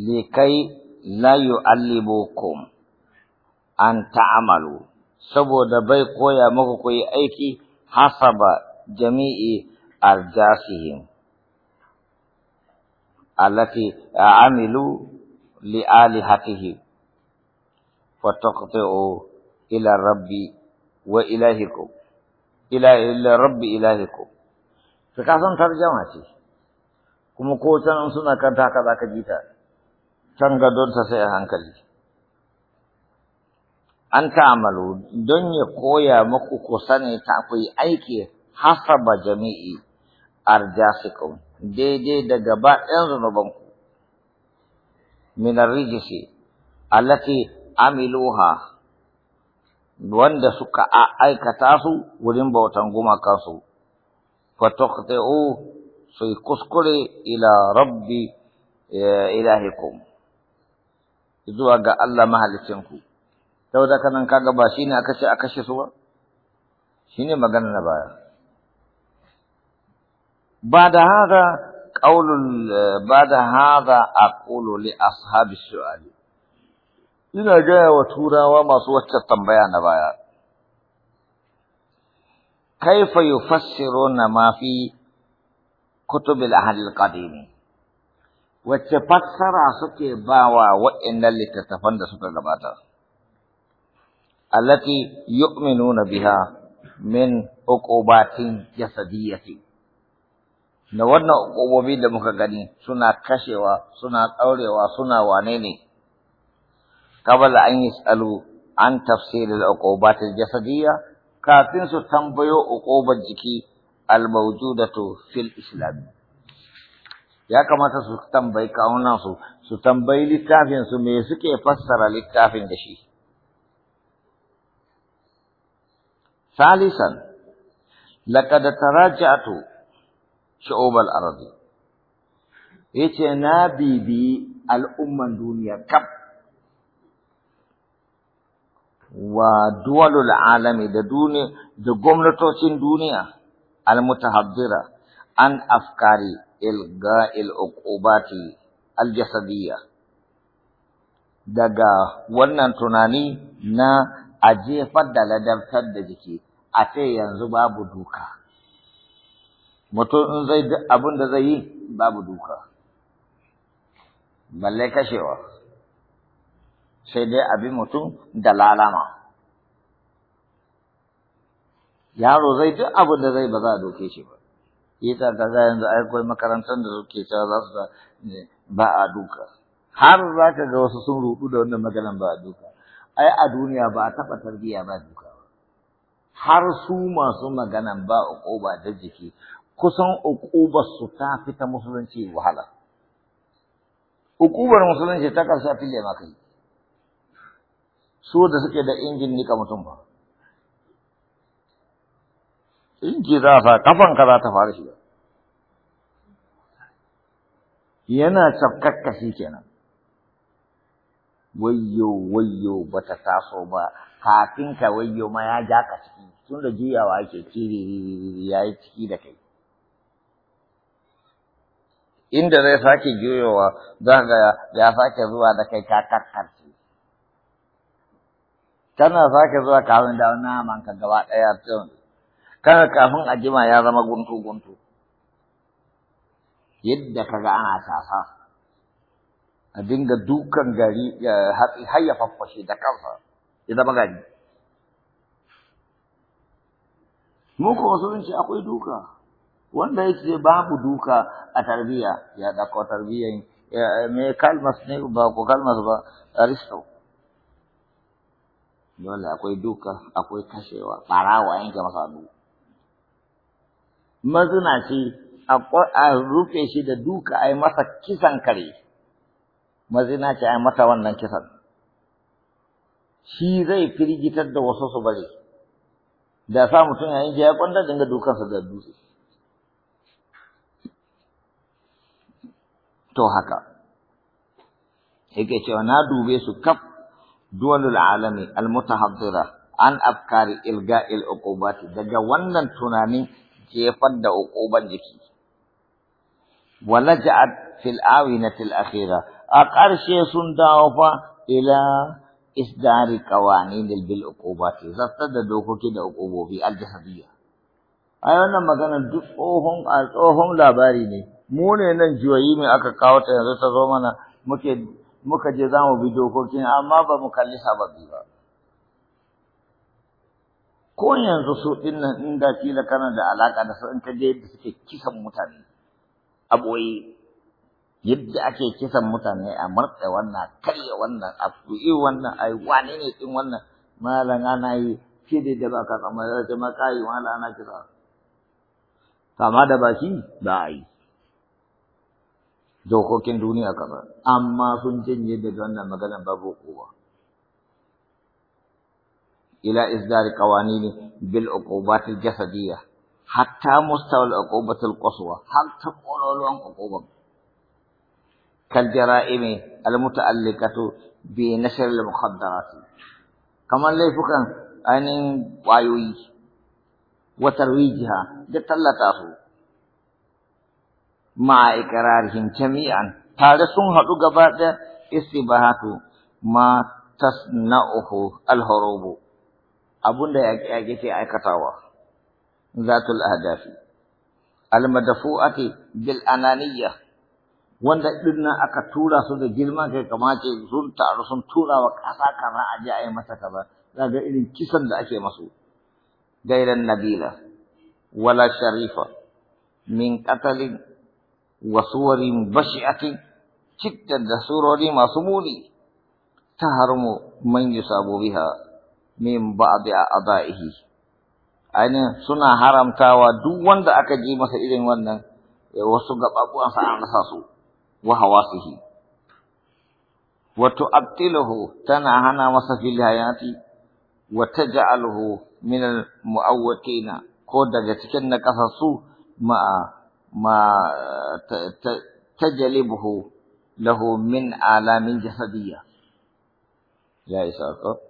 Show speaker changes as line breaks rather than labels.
likai la yu'allibukum an ta'amalu saboda bai koya muku ku yi aiki hasaba jami'i arjasihim allati a'amilu li alihatihi fa taqti'u ila rabbi wa ilahikum ila ila rabbi ilahikum to ka san tarjama ce kuma ko can suna kanta haka zaka ji ta kan gadonta sai a hankali an ta'amalu don ya koya maku ko sani ta akwai aiki hasaba jami'i arjasikum daidai da gaba ɗayan zunubanku min arrijisi allati amiluha wanda suka aikata su wurin bautan gumakansu fa tuqti'u su kuskure ila rabbi eh, ilahikum zuwa ga Allah mahalicinku saboda kanan kaga ba shine aka ce aka Shi suwa? ba shine magana na baya Ba da قول a ƙololi أقول لأصحاب السؤال ina gaya wa turawa masu waccan tambaya na baya kaifa yufassiruna ma fi kutubil ahli al wacce fassara suke bawa wa'annan littattafan da suka gabata allati yu'minuna biha min uqubatin jasadiyati da wannan uqubobi da muka gani suna kashewa suna tsaurewa suna wane ne qabla an yasalu an tafsir al-uqubat al-jasadiyya kafin su tambayo uqubar jiki al-mawjudatu fil islam ya kamata su tambayi kawunan su su tambayi littafin su me suke fassara littafin da shi salisan laqad taraja'tu shu'ub al Ya yace na bibi al'umman duniya kaf wa duwalul alami da duniya da gwamnatocin duniya al-mutahaddira an afkari الغاء العقوبات الجسديه daga wannan tunani na a jefar da ladabtar da jiki a ce yanzu babu duka mutum in zai duk abin da zai yi babu duka balle kashewa sai dai abi mutum da lalama yaro zai duk abin da zai ba za a doke shi ba yasa kaza yanzu ai akwai makarantar da suke cewa za su eh, ba a duka har za ka ga wasu sun rudu da wannan maganan ba a duka ai a duniya ba a taɓa tarbiyya ba duka har su masu maganan ba ƙoba da jiki kusan uqubar su ta fita musulunci wahala uqubar musulunci ta ƙarshe a fille maka yi su da suke da injin nika mutum ba inji za a sa kafanka za ta fara shiga yana ka shi kenan wayyo wayyo bata taso ba kafin ka wayyo ma ya ja ka ciki tun da juyawa ake kiri ya yi ciki da kai inda zai sake juyowa za ga ya sake zuwa da kai ka kakkarce tana sake zuwa kawun da naman ka gaba ɗaya tun kaga kafin a jima ya zama guntu guntu yadda kaga ana sasa a dinga dukan gari hatsi har ya faffashe da kansa ya zama gari mu ko ce akwai duka wanda ya ce babu duka a tarbiya ya dauko tarbiyan me kalmas ne ba ko kalmas ba aristo dole akwai duka akwai kashewa barawa yanke masa duka. mazinaci a rufe shi da duka a yi masa kisan kare mazinaci a yi masa wannan kisan shi zai firgitar da wasu su bari da sa mutum yayin ya kwanta dinga dukansa da dutse to haka yake cewa na dube su kaf duwalul alami almutahaddira an afkari ilga'il uqubati daga wannan tunanin jefar da uquban jiki walaja'at fil awinati al akhira a ƙarshe sun dawo fa ila isdari qawanin bil ce, zasta da dokoki da uqubobi al jasadiyya ai wannan magana duk tsohon a tsohon labari ne mu ne nan juwayi mai aka kawo ta yanzu ta zo mana muke muka je zamu bi dokokin amma ba mu kalli sababi ba ko yanzu su din nan in da kana da alaƙa da in ka yadda suke kisan mutane a ɓoye yadda ake kisan mutane a martsa wannan karya wannan a fuyi wannan a wane ne ɗin wannan malam ana yi ke da da baka tsamma da ta maka yi malam ana kisa kama da baki ba a yi dokokin duniya kaza amma sun janye daga wannan maganar babu kowa إلى إصدار قوانين بالعقوبات الجسدية حتى مستوى العقوبة القصوى هل تقول لهم عقوبة كالجرائم المتعلقة بنشر المخدرات كما فكان أن وايوي وترويجها لتلتاه مع إقرارهم جميعا هذا سنهد قبات استباهات ما تصنعه الهروب abun da yake yaƙe ke aikatawa zatul ahdafi almadafu'ati bil ananiyya wanda dinnan aka tura su da girman kai kamace sun taru sun tura wa ƙasa kaza a ji a yi mata kaza za ga irin kisan da ake masu gairan nabila wala sharifa min qatalin wa suwarin bashi'atin citta da surori masu muni ta harmo man yusabu biha min ba'di a'da'ihi aina suna haram kawa duk wanda aka ji masa irin wannan ya wasu gababuwansa an rasa su wa hawasihi wa tu'tiluhu tana hana masa fil hayati wa taj'aluhu min al mu'awwatina ko daga cikin na kasasu ma ma tajlibuhu lahu min alamin jasadiyya ya isa ko